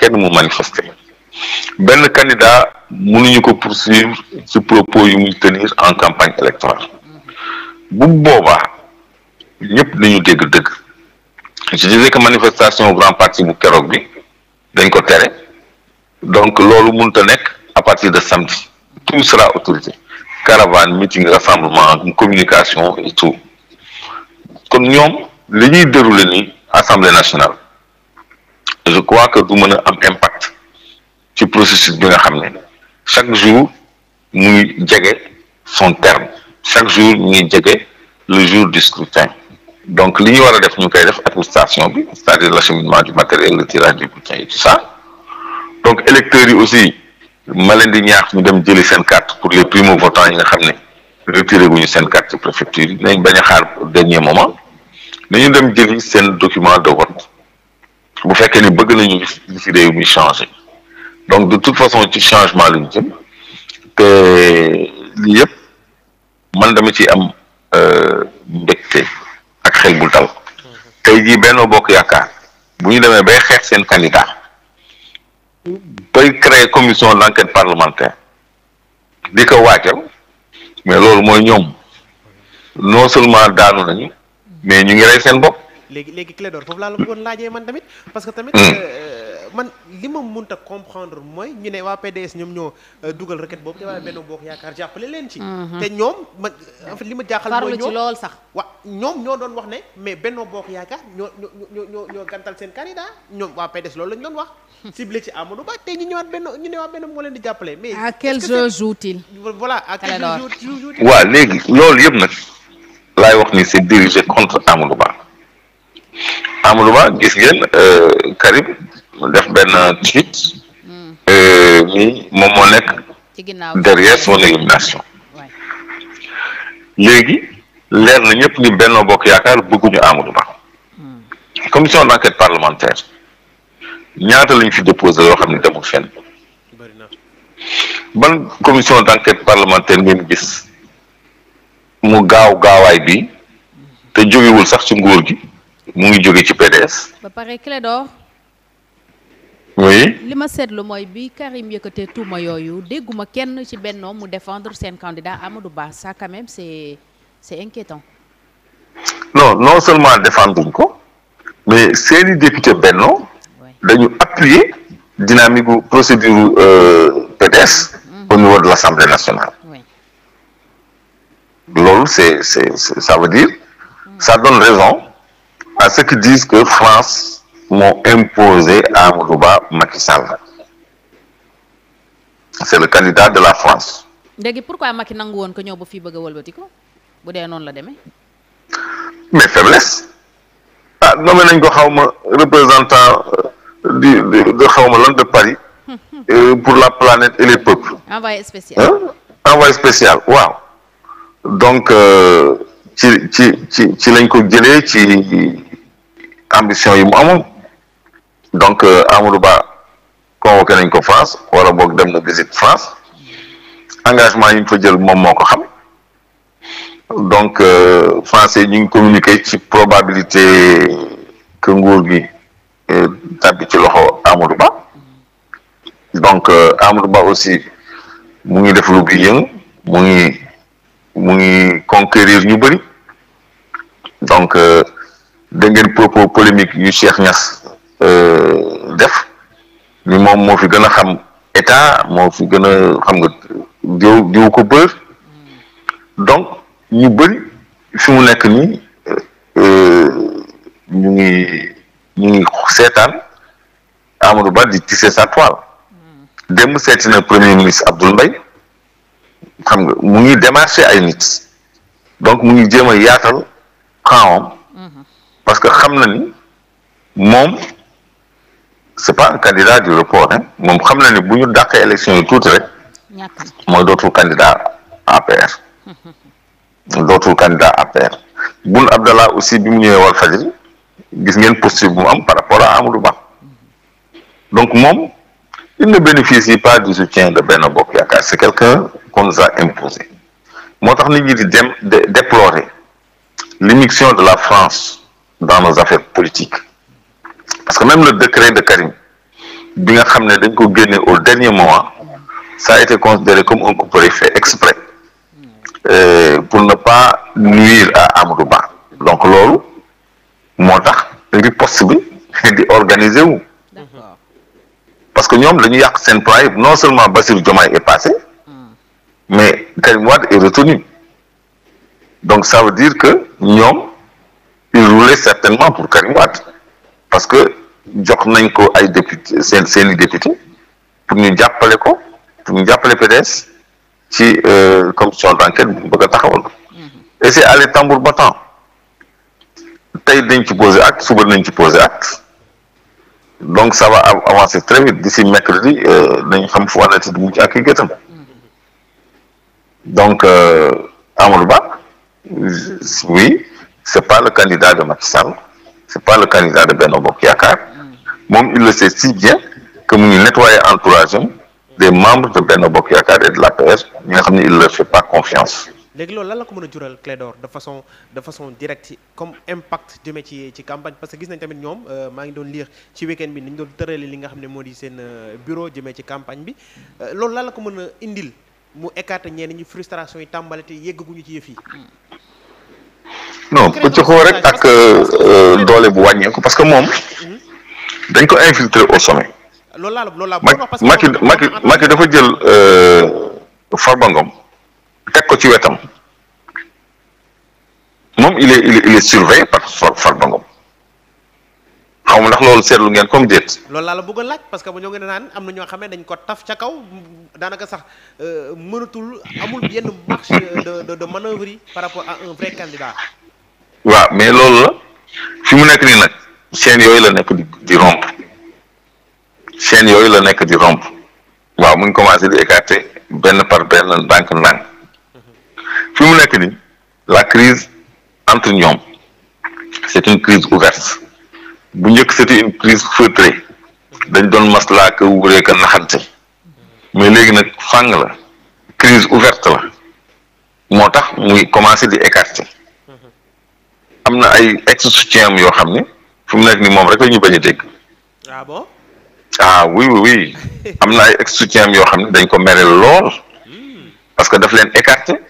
kenn mu manifester benn candidat mënuñu ko poursuivre ci propos yu muy tenir en campagne électorale bu boobaa ñëpp ñu dégg dëgg je disais que manifestation grand parti bu keroog bi dañ ko tere donc loolu mënut nekk à partir de samedi tout sera autorisé caravane meeting rassemblement communication et tout kon ñoom li ñuy dérouler nii assemblée nationale je crois que du mën a am impact ci processus bi nga xam ne chaque jour muy jege son terme chaque jour ñuy jege le jour du scrutin donc li ñu war a def ñu koy def administration bi c'est-à-dire l'acheminement du matériel le tirage du bulletin et tout ça donc électeurs yi aussi ma di ñaax ñu dem jëli seen carte pour les primo-votants yi nga xam ne retiré guñu seen carte ci préfecture yi nañ bañ a xaar au dernier moment nañu dem jëli seen document de vote bu fekkee ni bëgg nañu si réew muy changé donc de toute façon ci changement lañu jëm te lii yëpp man dama ci am euh, mbégte ak xel bu dal tey jii Benno Bokk Yaakaar bu ñu demee bay xeex seen candidat bay créer commission d'enquête parlementaire di ko waajal mais loolu mooy ñoom non seulement daanu nañu mais ñu ngi rey seen bopp léegi léegi Clédor foofu laa la bëggoon laajee man tamit parce que tamit hmm. euh, euh, man li ma mënta comprendre mooy ñu ne waa PDS ñoom ñoo euh, dugal requête boobu te waa Benno Bokk Yaakaar jàppale leen ci hmm. te ñoom ma en fait li ma jaaxal mooy sax waa ñoom ñoo doon wax ne mais Benno Bokk Yaakaar ñoo ñoo ñoo ñoo gantal seen candidat ñoom waa PDS loolu la ñu doon wax hmm. ciblé ci Amadou Ba tey ñu ñëwaat benn ñu ne waa benn moo leen di jàppale mais à quel jeu joue-t-il voilà à quel jeu joue-t-il waaw léegi loolu yëpp nag laay wax ni c'est dirigé contre Amadou Ba Amadou Ba gis ngeen euh, Karim def benn tweet mi hmm. euh, moom moo nekk derrière son élimination léegi leer na ñëpp ni benn Bokk Yaakaar bëgguñu Amadou Ba hmm. commission d'enquête parlementaire ñaata lañ fi déposé yoo xam ne demul fenn ban commission d'enquête parlementaire ngeen gis mu gaaw gaawaay bi te jógewul sax ci nguur gi mu ngi jóge ci PDS. ba pare Clédor. oui. li ma seetlu mooy bi Karim yëkkatee tuuma yooyu dégguma kenn ci Benno mu défendre seen candidat Amadou Ba ça quand même c'est c'est inquiétant. non non seulement défendre ko mais seeni député Benno dañu appuyer dynamique bu procédure euh, PDS. Mm-hmm. au niveau de l'Assemblée nationale. loolu c'est c'est ça veut dire mm. ça donne raison. à ceux qui disent que France m'ont imposé à Amadouba Macky Sall. C'est le candidat de la France. léegi pourquoi Macky nangu woon ko ñëw ba fii bëgg a wëlbatiku bu dee noonu la demee. mais faiblesse. ah nommé nañ ko xaw ma représentant euh, du de xaw ma lan de Paris. Euh, pour la planète et les peuples. envoyé spécial ah envoyé spécial waaw. donc euh, ci ci ci ci lañ ko jëlee ci. ambition yi mu amoon donc euh, Amadou Ba convoqué nañ ko France wala boog dem na visite France engagement yi ñu fa jël moom moo ko xam donc euh, français ñu ngi communiqué ci probabilité que nguur gi tàbbi euh, ci loxo Amadou Ba donc Amadou aussi mu ngi def lu bi yëngu mu ngi mu ngi conquérir ñu bëri donc da ngeen propos polémique yu Cheikh Niass euh, def ni moom moo fi gën a xam état moo fi gën a xam nga diw diw ko bër donc ñu bër fi mu nekk nii euh, ñu ngi ñu ngi seetaan Amadou Ba di tisser sa toile dem seeti na premier ministre Abdoul mbay xam nga mu ngi démarché ay nit donc mu ngi jéem a yaatal xawam parce que xam na ni moom c'est pas un candidat du report moom xam na ni bu ñu dàqee élection yi tuuti rek mooy dootul candidat APR dootul candidat APR Boun Abdallah aussi bi mu ñëwee Walfadjri gis ngeen posture mu am par rapport à Amadou Ba donc moom il ne bénéficie pas du soutien de benn Bokk Yaakaar c'est quelqu'un qu'on nous a imposé moo tax ni ñi di dem déplorer l'immixtion de la France dans nos affaires politiques parce que même le décret de Karim bi nga xam ne dañ ko génne au dernier moment ça a été considéré comme un coup fait exprès euh, pour ne pas nuire à Amadou Ba donc loolu moo tax riposte bi di organiser wu parce que ñoom dañu yàq seen plan yëpp non seulement Bassirou Diomaye est passé hmm. mais Karim Wade est retenu donc ça veut dire que ñoom il roulait certainement pour Karim Wade parce que jox nañ ko ay député seen seen i député pour ñu jàppale ko pour ñu jàppale PDS ci comme euh, commission d'enquête bu bëgg a taxawal mm-hmm. et c'est allé tambour battant tey dañ ci posé acte suba nañ ci posé acte donc ça va avancer très vite d'ici mercredi dañ euh, xam fu wàllu du ak i gëtam mm-hmm. donc euh, Amadou Ba c'est pas le candidat de Macky Sall c'est pas le candidat de Benno Bokk Yaakaar moom il le sait si bien que mu ngi nettoyer entourage des membres de Benno Bokk Yaakaar et de l'APR ñi nga xam ne il leur fait pas confiance. léegi loolu lan la ko mën a jural Clédor de façon de façon comme impact jëmee ci ci campagne parce que gis nañ tamit ñoom euh, maa ngi doon lire ci week bi ni ñu doon tërale li nga xam ne moo di seen euh, bureau jëmee ci campagne bi euh, loolu lan la ko mën a indil mu écarter ñenn ñi frustration yi tàmbali te yeggaguñu ci yëf yi. non pëccaxoo rek ak euh, doole bu wàññeeku parce que moom mhm. dañ ko infiltrer au sommet Macky Macky Macky dafa jël euh, Farba Ngom teg ko ci wetam moom il est il est surveillé par Farba Ngom xaw ma ndax loolu seetlu ngeen comme déet. loolu laa la bëgg laaj parce que ba ñoo ngi naan am na ñoo xam ne dañ ko taf ca kaw daanaka sax euh, mënatul amul yenn marge de de de par rapport à un vrai candidat. waaw mais loolu la fi mu nekk nii nag chaîne yooyu la nekk di di rompre yooyu la nekk di rompre waaw mu ngi commencé di écarter benn par benn ndànk-ndànk fi mu nekk nii la crise entre ñoom c'est une crise ouverte bu njëkk c'était une crise feutrée dañ doon maslaa ka wuuree ka naxante mais léegi nag fàng la crise ouverte la moo tax muy commencé di écarter am na ay ex soutien yoo xam ne fu mu nekk ni moom rek la ñuy bañ a dégg ah bon ah oui am na ay ex soutien yoo xam ne dañ ko mere lool hmm. parce que daf leen écarter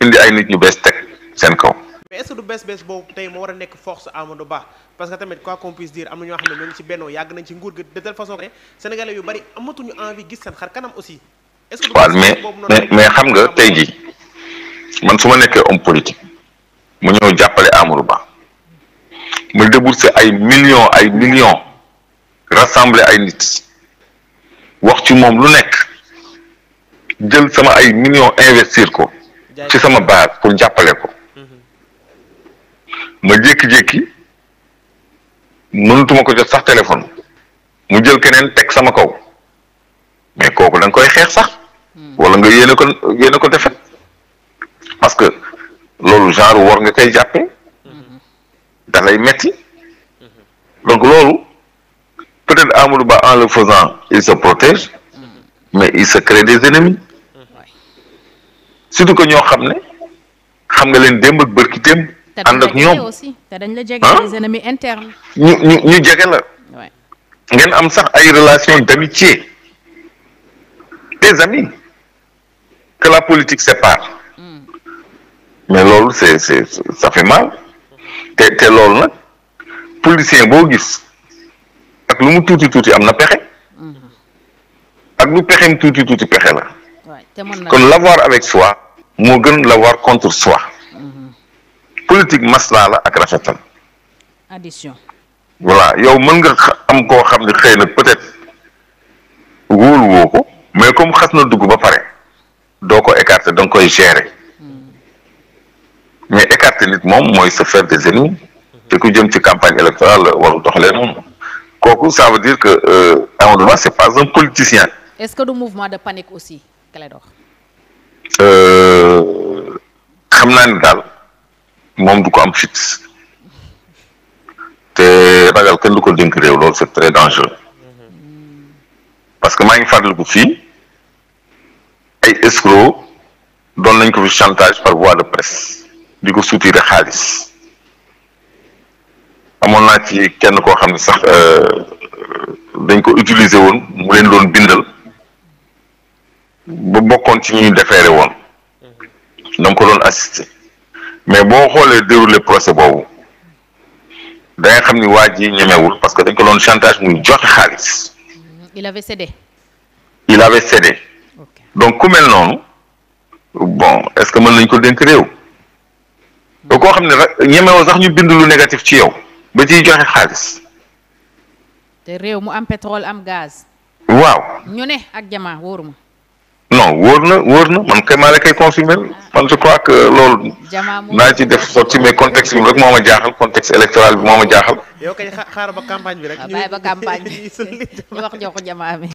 indi ay nit ñu bees teg seen kaw. mais est-ce que du bees bees boobu tey moo war a nekk force Amadou Ba parce que tamit quoi qu'on puisse dire am na ñoo xam ne ñoo ngi ci bennoo yàgg nañ ci nguur gi de telle façon que sénégalais yu bari amatuñu envie gis seen xar kanam aussi. est-ce que mais mais mais xam nga tey jii man su ma nekkee homme politique. mu ñëw jàppale Amadou Ba mu si ay million ay millions rassembler ay nit wax ci moom lu nekk jël sama ay millions investir ko ci sama base pour jàppale ko ma jékki-jékki mënutuma ko jot sax téléphone mu jël keneen teg sama kaw mais kooku da koy xeex sax wala nga yéene ko yéene ko defet parce que loolu genre war nga koy jàppe mhm. da metti mhm. donc loolu peut-être Amadou Ba en le faisant il se protège mhm. mais il se crée des ennemis surtout que ñoo xam ne xam nga leen démb ak bërki démb ànd ak ñoom te dañ la jege des ñu ñu jege la ngeen am sax ay relations d'amitié des amis que la politique sépare mais loolu c'est c'est ça fait te loolu nag politicien boo gis ak lu mu tuuti tuuti am na pexe mm-hmm. ak lu pexem tuuti tuuti pexe la kon l'avoir avec soi moo gën l'avoir contre soi mm-hmm. politique maslaa la ak rafetal addition voilà yow mën nga am koo xam ne xëy na peut-être wóolu ko mais comme xas na dugg ba pare doo ko écarter da nga koy gérer mais écarter nit moom mooy se faire des ennemis te ku jëm ci campagne électorale waru doxalee noonu kooku ça veut dire que Amadou euh, Ba c'est pas un politicien. est-ce que du mouvement de panique aussi Clédor. Euh, xam naa ni daal moom du ko am fit te ragal kenn du ko dénk réew loolu c'est très dangereux parce que maa ngi fàttaliku fii ay escrocs doon nañ ko fi chantage par voie de presse. di ko suturé xaalis amoon naa ci kenn koo xam ne sax euh, dañ ko utiliser woon mu leen doon bindal ba bokkoon ci ñuy defeere woon mm-hmm. danga ko doon assister mais boo xoolee déroulé procès boobu danga xam ni waa ji ñemewul parce que dañ ko doon chantage muy joxe xaalis. Mm-hmm. il avait cédé. il avait cédé. donc ku mel noonu bon est-ce que mën nañ ko dénk réew. koo xam ne rek ñemewoo sax ñu bind lu négatif ci yow ba ci joxe xaalis. te réew mu am pétrole am gaz. waaw ñu ne ak jamaa wóoru ma. non wóor na wóor na man kay maa la koy consommer man je crois que loolu. naa ci def sotti mais contexte bi rek moo ma jaaxal contexte électoral bi moo ma jaaxal. yow ba campagne bi rek. waaw bàyyi ba wax jox jamaa mi.